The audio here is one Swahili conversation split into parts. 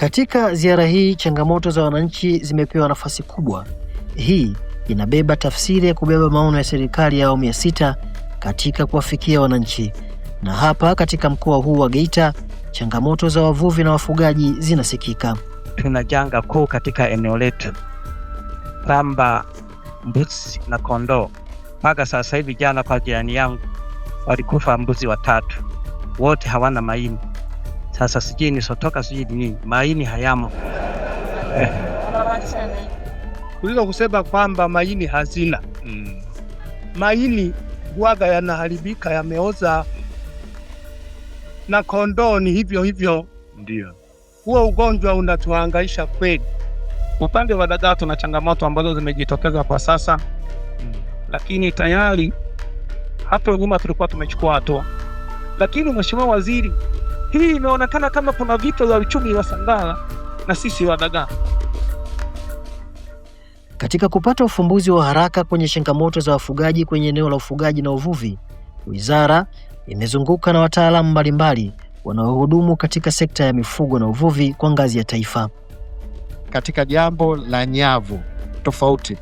Katika ziara hii, changamoto za wananchi zimepewa nafasi kubwa. Hii inabeba tafsiri ya kubeba maono ya serikali ya awamu ya sita katika kuwafikia wananchi. Na hapa katika mkoa huu wa Geita, changamoto za wavuvi na wafugaji zinasikika. Tuna janga kuu katika eneo letu, kwamba mbuzi na kondoo. Mpaka sasa hivi, jana kwa jirani yangu walikufa mbuzi watatu, wote hawana maini. Sasa sijui nisotoka, sijui nini, maini hayamo kuliko kusema kwamba maini hazina mm. Maini huaga yanaharibika, yameoza na kondoo ni hivyo hivyo. Ndio huo ugonjwa unatuhangaisha kweli. Upande wa dagaa tuna changamoto ambazo zimejitokeza kwa sasa mm. Lakini tayari hapo nyuma tulikuwa tumechukua hatua, lakini mheshimiwa waziri hii imeonekana kama kuna vita za uchumi wa Sangara na sisi wa Dagaa. Katika kupata ufumbuzi wa haraka kwenye changamoto za wafugaji kwenye eneo la ufugaji na uvuvi, wizara imezunguka na wataalamu mbalimbali wanaohudumu katika sekta ya mifugo na uvuvi kwa ngazi ya taifa. Katika jambo la nyavu tofauti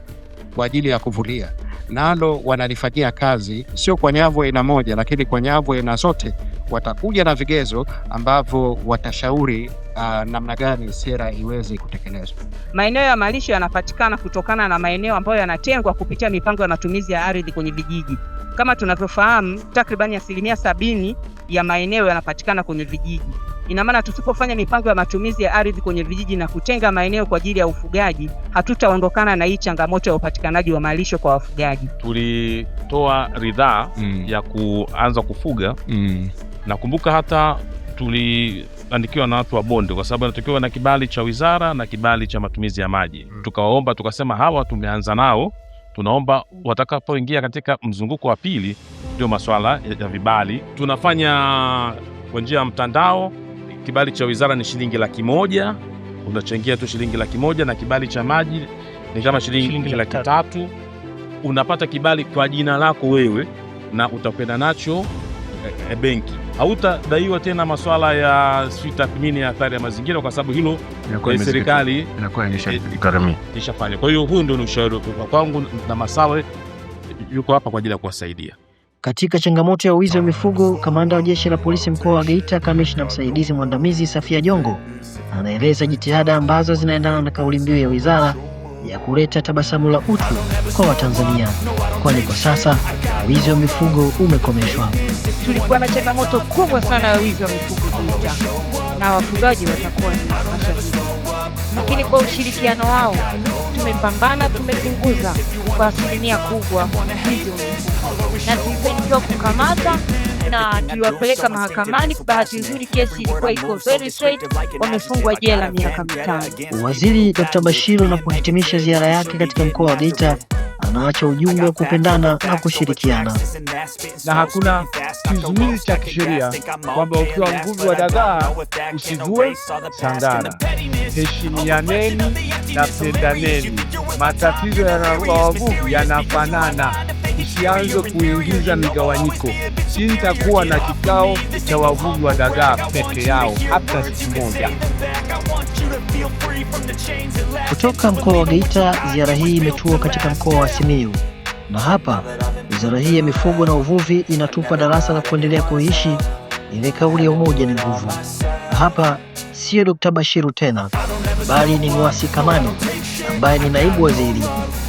kwa ajili ya kuvulia, nalo wanalifanyia kazi, sio kwa nyavu aina moja, lakini kwa nyavu aina zote watakuja na vigezo ambavyo watashauri Uh, namna gani sera iweze kutekelezwa. Maeneo ya malisho yanapatikana kutokana na maeneo ambayo yanatengwa kupitia mipango ya matumizi ya ardhi kwenye vijiji. Kama tunavyofahamu, takribani asilimia sabini ya maeneo yanapatikana kwenye vijiji. Ina maana tusipofanya mipango ya matumizi ya ardhi kwenye vijiji na kutenga maeneo kwa ajili ya ufugaji, hatutaondokana na hii changamoto ya upatikanaji wa malisho kwa wafugaji. Tulitoa ridhaa mm. ya kuanza kufuga mm. Nakumbuka hata tuliandikiwa na watu wa bonde, kwa sababu inatokiwa na kibali cha wizara na kibali cha matumizi ya maji. Mm. Tukawaomba tukasema, hawa tumeanza nao, tunaomba watakapoingia katika mzunguko wa pili, ndio maswala ya vibali. Tunafanya kwa njia ya mtandao. Kibali cha wizara ni shilingi laki moja unachangia tu shilingi laki moja na kibali cha maji ni kama shilingi laki tatu. Unapata kibali kwa jina lako wewe na utakwenda nacho e, e, benki hautadaiwa tena maswala ya sijui tathmini ya athari ya mazingira, kwa sababu hilo eh, serikali ishafanya. Kwa hiyo huu ndio ni ushauri kwangu, na Masawe yuko hapa kwa ajili ya kuwasaidia. Katika changamoto ya uwizi wa mifugo, kamanda wa jeshi la polisi mkoa wa Geita, kamishna msaidizi mwandamizi Safia Jongo anaeleza jitihada ambazo zinaendana na kauli mbiu ya wizara ya kuleta tabasamu la utu kwa Watanzania, kwani kwa sasa uwizi wa mifugo umekomeshwa tulikuwa na changamoto kubwa sana ya wizi wa mifugo kuja na wafugaji watakuwa ni mashahidi, lakini kwa ushirikiano wao tumepambana, tumepunguza kwa asilimia kubwa wizi wa mifugo na tulifanikiwa kukamata na tuliwapeleka mahakamani. Bahati nzuri kesi ilikuwa iko very straight, wamefungwa jela miaka mitano. Waziri Dr. Bashiru anapohitimisha ziara yake katika mkoa wa Geita unaacha ujumbe wa kupendana na kushirikiana, na hakuna kizuizi cha kisheria kwamba ukiwa mvuvi wa dagaa usivue sangara. Heshimianeni na pendaneni. Matatizo wavuvi yanafanana, usianze kuingiza migawanyiko. Sintakuwa na kikao cha wavuvi wa dagaa peke yao hata siku moja. Kutoka mkoa wa Geita, ziara hii imetua katika mkoa wa Simiyu, na hapa wizara hii ya mifugo na uvuvi inatupa darasa la kuendelea kuishi ile kauli ya umoja ni nguvu. Hapa sio Dkt. Bashiru tena, bali ni Mwasi Kamani ambaye ni naibu waziri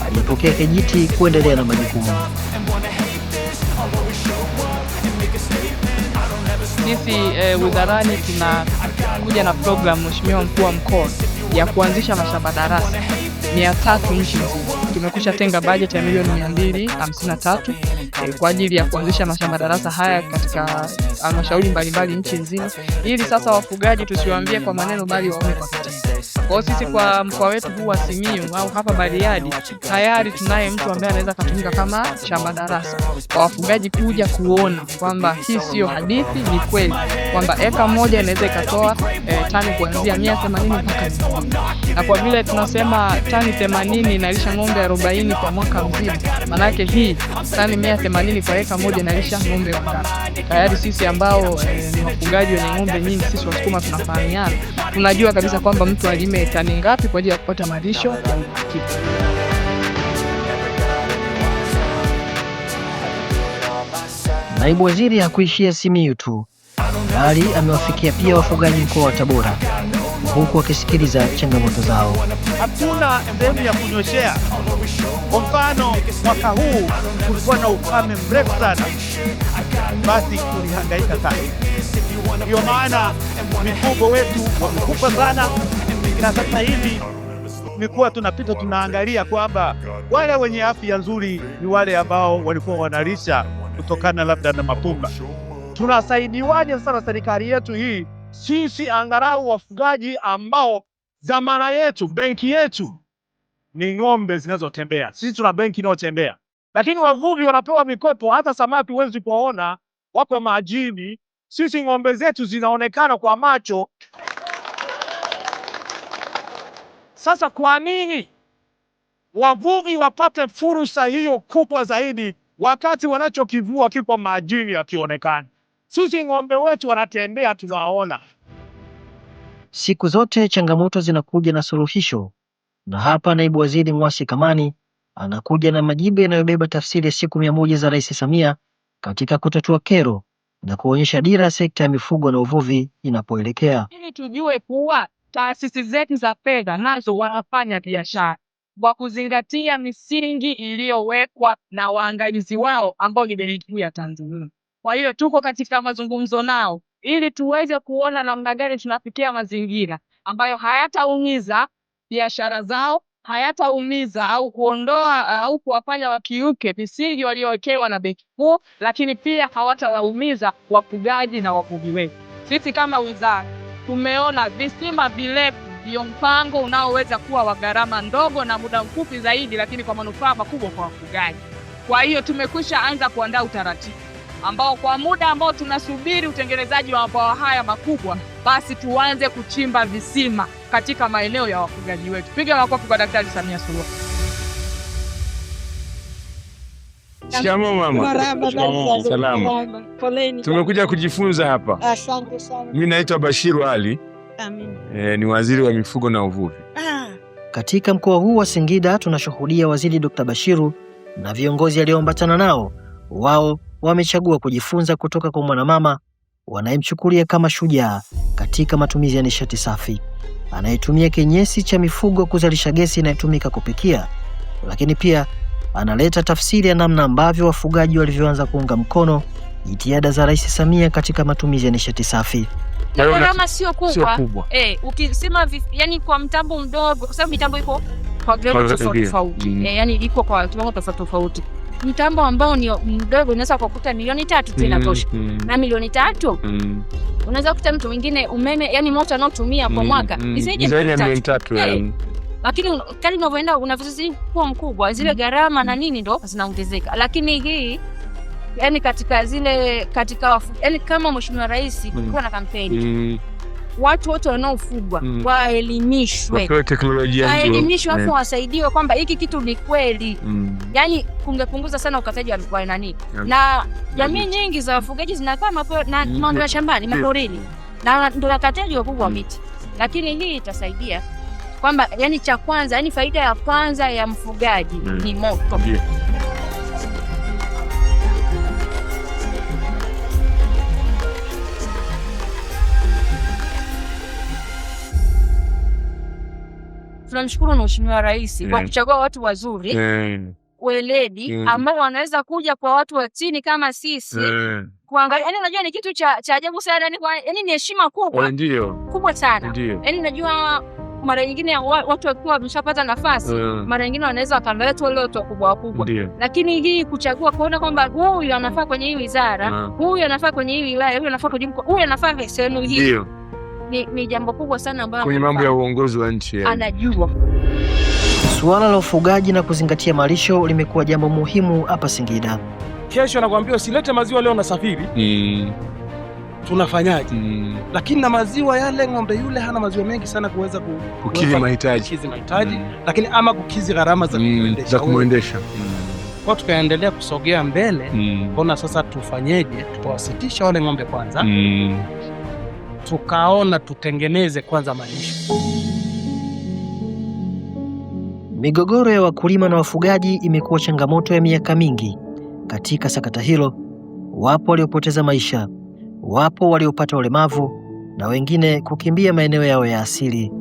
aliyepokea kijiti kuendelea na majukumu. Sisi eh, wizarani tunakuja na programu, Mheshimiwa mkuu wa mkoa ya kuanzisha mashamba darasa mia tatu nchi nzima. tumekusha tenga bajeti ya milioni mia mbili hamsini na tatu eh, kwa ajili ya kuanzisha mashamba darasa haya katika ah, halmashauri mbalimbali nchi nzima, ili sasa wafugaji tusiwaambie kwa maneno, bali waone kwa vitendo. Kwa hiyo sisi kwa mkoa wetu huu wa Simiyu au hapa Bariadi tayari tunaye mtu ambaye anaweza akatumika kama shamba darasa kwa wafugaji kuja kuona kwamba hii siyo hadithi, ni kweli kwamba eka moja inaweza ikatoa eh, tani kuanzia 180 mpaka na kwa vile tunasema tani 80 inalisha ng'ombe 40 kwa mwaka mzima, manake hii tani 180 kwa eka moja inalisha ng'ombe watatu. Tayari sisi ambao eh, ni eh, wafugaji wenye ng'ombe nyingi, sisi Wasukuma tunafahamiana, tunajua kabisa kwamba mtu alime nne tani ngapi kwa ajili ya kupata malisho ya uhakika. Naibu waziri hakuishia Simiyu tu, bali amewafikia pia wafugaji mkoa wa Tabora, huku wakisikiliza changamoto zao. hakuna sehemu ya kunyoshea. Kwa mfano, mwaka huu kulikuwa na ukame mrefu sana, basi tulihangaika sana. Ndiyo maana mifugo wetu wamekufa sana na sasa hivi mikoa tunapita tunaangalia kwamba wale wenye afya nzuri ni wale ambao walikuwa wanalisha kutokana labda na mapumba. Tunasaidiwaje sana serikali yetu hii, sisi angalau wafugaji ambao dhamana yetu, benki yetu ni ng'ombe zinazotembea. Sisi tuna benki inayotembea, lakini wavuvi wanapewa mikopo. Hata samaki huwezi kuwaona, wako majini. Sisi ng'ombe zetu zinaonekana kwa macho, sasa kwa nini wavuvi wapate fursa hiyo kubwa zaidi, wakati wanachokivua kipo majini yakionekana? Sisi ng'ombe wetu wanatembea, tunaona Siku zote changamoto zinakuja na suluhisho, na hapa naibu waziri Mwasi Kamani anakuja na majibu yanayobeba tafsiri ya siku mia moja za Rais Samia katika kutatua kero na kuonyesha dira ya sekta ya mifugo na uvuvi inapoelekea, ili tujue kuwa Taasisi zetu za fedha nazo wanafanya biashara kwa kuzingatia misingi iliyowekwa na waangalizi wao ambao ni Benki Kuu ya Tanzania. Kwa hiyo tuko katika mazungumzo nao ili tuweze kuona namna gani tunafikia mazingira ambayo hayataumiza biashara zao, hayataumiza au kuondoa au kuwafanya wakiuke misingi waliowekewa na Benki Kuu, lakini pia hawatawaumiza wafugaji na wavuvi wetu. Sisi kama wizara tumeona visima virefu ndio mpango unaoweza kuwa wa gharama ndogo na muda mfupi zaidi, lakini kwa manufaa makubwa kwa wafugaji. Kwa hiyo tumekwisha anza kuandaa utaratibu ambao kwa muda ambao tunasubiri utengenezaji wa mabwawa haya makubwa, basi tuanze kuchimba visima katika maeneo ya wafugaji wetu. Piga makofi kwa Daktari Samia Suluhu. Shikamoo mama. Marhaba. Salama. Poleni. Tumekuja kujifunza hapa. Asante sana. Mimi naitwa Bashiru Ali. Amin. E, ni waziri wa mifugo na uvuvi. Ah. Katika mkoa huu wa Singida tunashuhudia waziri Dr. Bashiru na viongozi aliyoambatana nao, wao wamechagua kujifunza kutoka kwa mwanamama wanayemchukulia kama shujaa katika matumizi ya nishati safi, anayetumia kinyesi cha mifugo kuzalisha gesi inayotumika kupikia, lakini pia analeta tafsiri ya namna ambavyo wafugaji walivyoanza kuunga mkono jitihada za Rais Samia katika matumizi ya nishati safi. Gharama sio kubwa. Eh, ukisema yani kwa mtambo mdogo kwa sababu mitambo iko kwa grade tofauti mm. Eh, yani iko kwa kiwango tofauti tofauti. Mtambo ambao ni mdogo unaweza kukuta milioni tatu tu mm, inatosha. mm, mm. Na milioni tatu mm. unaweza kukuta mtu mwingine umeme yani moto anaotumia kwa mm, mwaka mm, ni zaidi ya milioni tatu. Eh, lakini kali unavyoenda unavyozidi kuwa mkubwa zile mm. gharama na mm. nini ndo zinaongezeka, lakini hii yani katika zile katika yani kama Mheshimiwa Rais mm. kulikuwa na kampeni mm. watu wote wanaofugwa mm. waelimishwe waelimishwe, afu wasaidiwe kwamba hiki kitu ni kweli mm. yani kungepunguza sana ukataji wa nani yeah. na jamii yeah. nyingi za wafugaji zinakaa maondo ya shambani maporini, na ndo wakataji wakubwa wa miti, lakini hii itasaidia kwamba yani cha kwanza, yani faida ya kwanza ya mfugaji mm. ni moto yeah. Tunamshukuru Mheshimiwa Rais mm. kwa hmm. kuchagua watu wazuri mm. weledi mm. ambao wanaweza kuja kwa watu wa chini kama sisi mm. kuangalia. Yani unajua ni kitu cha ajabu sana, yani ni heshima kubwa kubwa sana. Yani unajua mara nyingine watu wakiwa wameshapata nafasi mm. mara nyingine wanaweza wakaangalia wale watu wakubwa wakubwa, lakini hii kuchagua kuona kwamba huyu anafaa kwenye hii wizara huyu anafaa kwenye hii wilaya, huyu anafaa kwenye mkoa, huyu anafaa sehemu hii, ni, ni jambo kubwa sana ambayo kwenye mambo ya uongozi wa nchi anajua Suala la ufugaji na kuzingatia malisho limekuwa jambo muhimu hapa Singida. Kesho nakwambia usilete maziwa leo, nasafiri mm tunafanyaje? mm. Lakini na maziwa yale, ng'ombe yule hana maziwa mengi sana kuweza kukidhi mahitaji mahitaji mm. lakini ama kukizi gharama za mm. kumwendesha mm. kwa tukaendelea kusogea mbele mm. Kona sasa tufanyeje? Tukawasitisha wale ng'ombe kwanza mm. Tukaona tutengeneze kwanza malisho. Migogoro ya wakulima na wafugaji imekuwa changamoto ya miaka mingi. Katika sakata hilo, wapo waliopoteza maisha, wapo waliopata ulemavu na wengine kukimbia maeneo yao ya asili.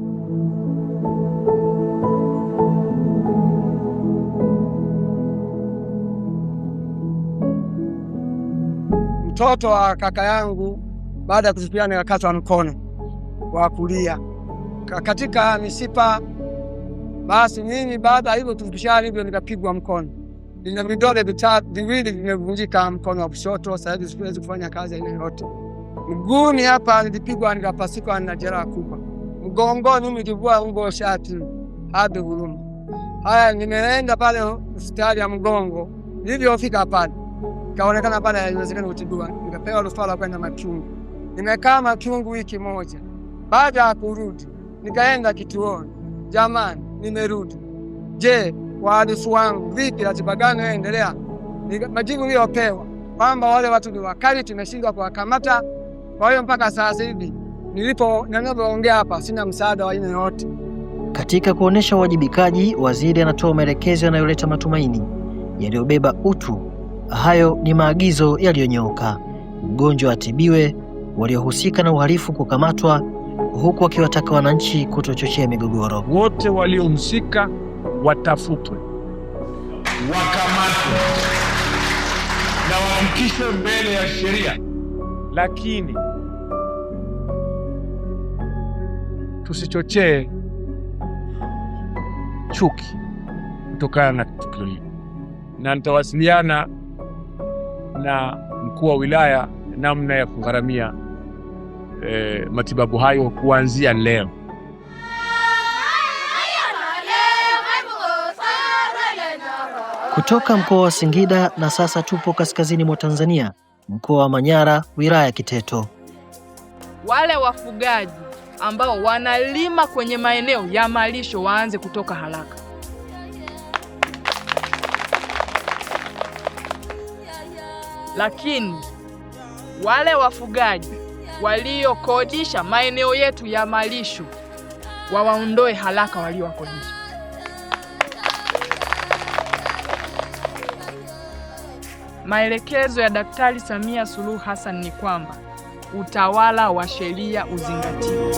Mtoto wa kaka yangu baada ya kuzipiana nikakatwa mkono wa kulia katika misipa, basi mimi baada hivyo tupishana hivyo nikapigwa mkono nina vidole vitatu viwili vimevunjika mkono wa kushoto, sasa hivi siwezi kufanya kazi aina yoyote. Mguuni hapa nilipigwa nikapasuka na jeraha kubwa. Mgongoni nilivua ungo shati hadi huruma. Haya, nimeenda pale hospitali ya mgongo, nilivyofika pale kaonekana pale haiwezekani kutibiwa, nikapewa rufaa kwenda Machungu. Nimekaa Machungu wiki moja. Baada ya kurudi nikaenda kituoni, jamani, nimerudi. Je, waarifu wangu vipi, ratiba gani inaendelea? Majibu niliyopewa kwamba wale watu ni wakali, tumeshindwa kuwakamata. Kwa hiyo mpaka sasa hivi nilipo ninavyoongea hapa, sina msaada wa aina yoyote. Katika kuonesha uwajibikaji, waziri anatoa maelekezo yanayoleta matumaini yaliyobeba utu. Hayo ni maagizo yaliyonyooka: mgonjwa atibiwe, waliohusika na uhalifu kukamatwa, huku akiwataka wananchi kutochochea migogoro. Wote waliohusika watafutwe, wakamatwe na wafikishwe mbele ya sheria, lakini tusichochee chuki kutokana na tukio hili, na nitawasiliana na mkuu wa wilaya namna ya kugharamia eh, matibabu hayo kuanzia leo. kutoka mkoa wa Singida na sasa tupo kaskazini mwa Tanzania, mkoa wa Manyara, wilaya Kiteto. Wale wafugaji ambao wanalima kwenye maeneo ya malisho waanze kutoka haraka. Lakini wale wafugaji waliokodisha maeneo yetu ya malisho wawaondoe haraka waliowakodisha. Maelekezo ya Daktari Samia Suluhu Hassan ni kwamba utawala wa sheria uzingatiwe.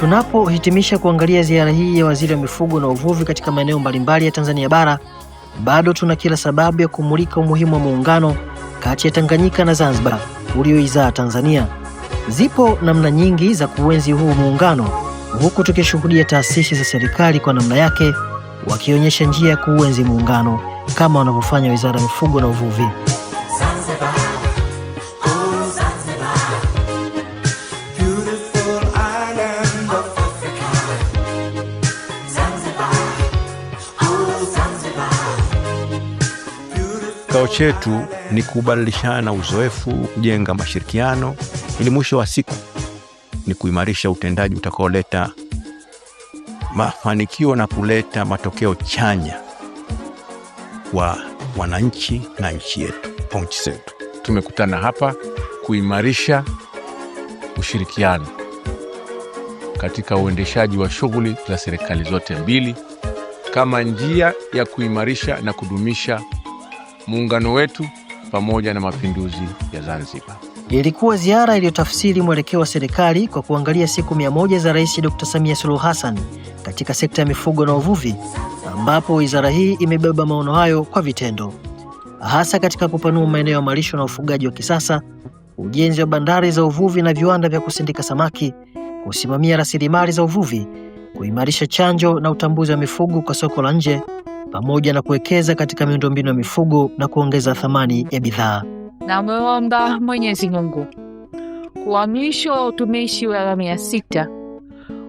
Tunapohitimisha kuangalia ziara hii ya waziri wa mifugo na uvuvi katika maeneo mbalimbali ya Tanzania bara, bado tuna kila sababu ya kumulika umuhimu wa muungano kati ya Tanganyika na Zanzibar ulioizaa Tanzania. Zipo namna nyingi za kuenzi huu muungano huku tukishuhudia taasisi za serikali kwa namna yake wakionyesha njia ya kuuenzi muungano kama wanavyofanya Wizara ya Mifugo na Uvuvi. Kikao chetu ni kubadilishana uzoefu, kujenga mashirikiano ili mwisho wa siku ni kuimarisha utendaji utakaoleta mafanikio na kuleta matokeo chanya kwa wananchi na nchi yetu kwa nchi zetu. Tumekutana hapa kuimarisha ushirikiano katika uendeshaji wa shughuli za serikali zote mbili kama njia ya kuimarisha na kudumisha muungano wetu pamoja na mapinduzi ya Zanzibar. Ilikuwa ziara iliyotafsiri mwelekeo wa serikali kwa kuangalia siku mia moja za Rais Dr. Samia Suluhu Hassan katika sekta ya mifugo na uvuvi, ambapo wizara hii imebeba maono hayo kwa vitendo, hasa katika kupanua maeneo ya malisho na ufugaji wa kisasa, ujenzi wa bandari za uvuvi na viwanda vya kusindika samaki, kusimamia rasilimali za uvuvi, kuimarisha chanjo na utambuzi wa mifugo kwa soko la nje, pamoja na kuwekeza katika miundombinu ya mifugo na kuongeza thamani ya bidhaa na Mwenyezi Mungu. Kwa mwisho wa utumishi wa awamu ya sita,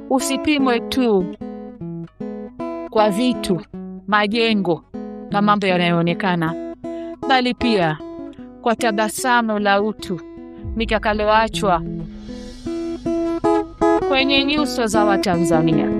usipimwe tu kwa vitu, majengo na mambo yanayoonekana, bali pia kwa tabasamu la utu mikakaloachwa kwenye nyuso za Watanzania.